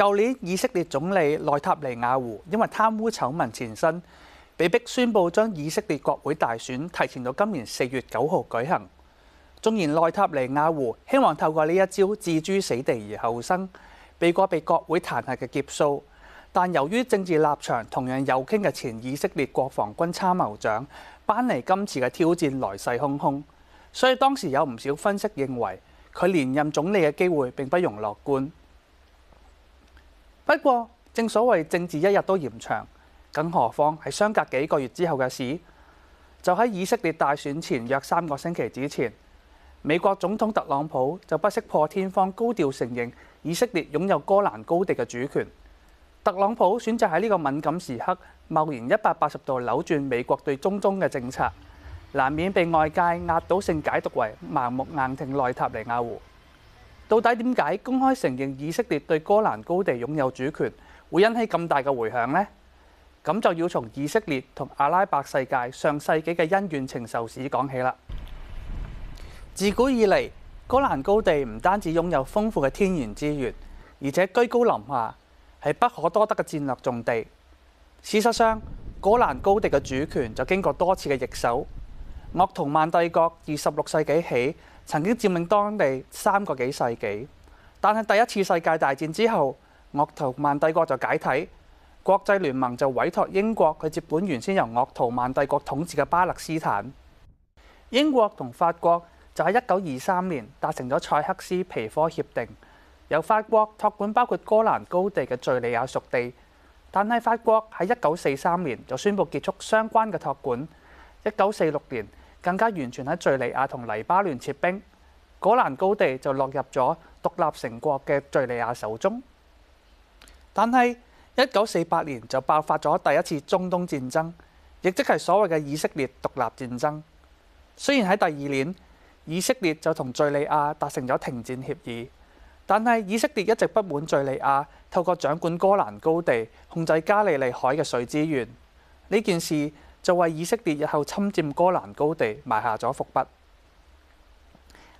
舊年，以色列總理內塔尼亞胡因為貪污醜聞纏身，被逼宣布將以色列國會大選提前到今年四月九號舉行。縱然內塔尼亞胡希望透過呢一招置諸死地而後生，避過被國會彈劾嘅劫數，但由於政治立場同樣右傾嘅前以色列國防軍參謀長班尼今次嘅挑戰來勢洶洶，所以當時有唔少分析認為佢連任總理嘅機會並不容樂觀。不過，正所謂政治一日都嫌長，更何況係相隔幾個月之後嘅事。就喺以色列大選前約三個星期之前，美國總統特朗普就不惜破天荒高調承認以色列擁有戈蘭高地嘅主權。特朗普選擇喺呢個敏感時刻，貿然一百八十度扭轉美國對中東嘅政策，難免被外界壓倒性解讀為盲目硬挺內塔尼亞胡。到底點解公開承認以色列對戈蘭高地擁有主權會引起咁大嘅回響呢？咁就要從以色列同阿拉伯世界上世紀嘅恩怨情仇史講起啦。自古以嚟，戈蘭高地唔單止擁有豐富嘅天然資源，而且居高臨下，係不可多得嘅戰略重地。事實上，戈蘭高地嘅主權就經過多次嘅易手，鄂圖曼帝國二十六世紀起。曾經佔領當地三個幾世紀，但係第一次世界大戰之後，鄂圖曼帝國就解體，國際聯盟就委託英國去接管原先由鄂圖曼帝國統治嘅巴勒斯坦。英國同法國就喺一九二三年達成咗塞克斯皮科協定，由法國託管包括戈蘭高地嘅敘利亞屬地，但係法國喺一九四三年就宣布結束相關嘅託管，一九四六年，更加完全喺敘利亞同黎巴嫩撤兵，戈蘭高地就落入咗獨立成國嘅敘利亞手中。但係一九四八年就爆發咗第一次中東戰爭，亦即係所謂嘅以色列獨立戰爭。雖然喺第二年以色列就同敘利亞達成咗停戰協議，但係以色列一直不滿敘利亞透過掌管戈蘭高地控制加利利海嘅水資源呢件事。就為以色列日後侵佔戈蘭高地埋下咗伏筆。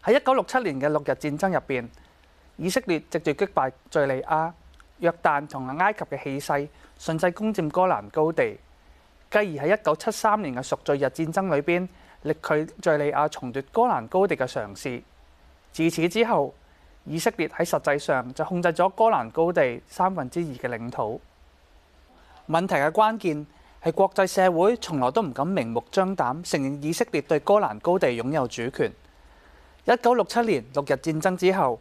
喺一九六七年嘅六日戰爭入邊，以色列藉著擊敗敍利亞、約旦同埋埃及嘅氣勢，順勢攻佔戈蘭高地。繼而喺一九七三年嘅贖罪日戰爭裏邊，力拒敍利亞重奪戈蘭高地嘅嘗試。自此之後，以色列喺實際上就控制咗戈蘭高地三分之二嘅領土。問題嘅關鍵，係國際社會從來都唔敢明目張膽承認以色列對戈蘭高地擁有主權。一九六七年六日戰爭之後，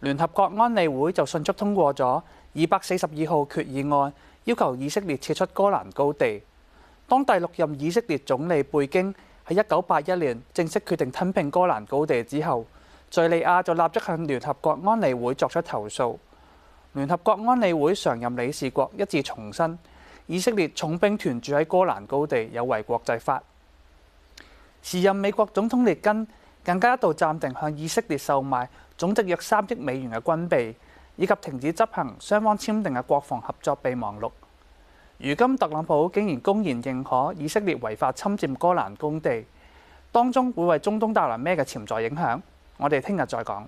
聯合國安理會就迅速通過咗二百四十二號決議案，要求以色列撤出戈蘭高地。當第六任以色列總理貝京喺一九八一年正式決定吞併戈蘭高地之後，敍利亞就立即向聯合國安理會作出投訴。聯合國安理會常任理事國一致重申，以色列重兵團住喺戈蘭高地，有違國際法。時任美國總統列根更加一度暫停向以色列售賣總值約三億美元嘅軍備，以及停止執行雙方簽訂嘅國防合作備忘錄。如今特朗普竟然公然認可以色列違法侵佔戈蘭高地，當中會為中東帶來咩嘅潛在影響？我哋聽日再講。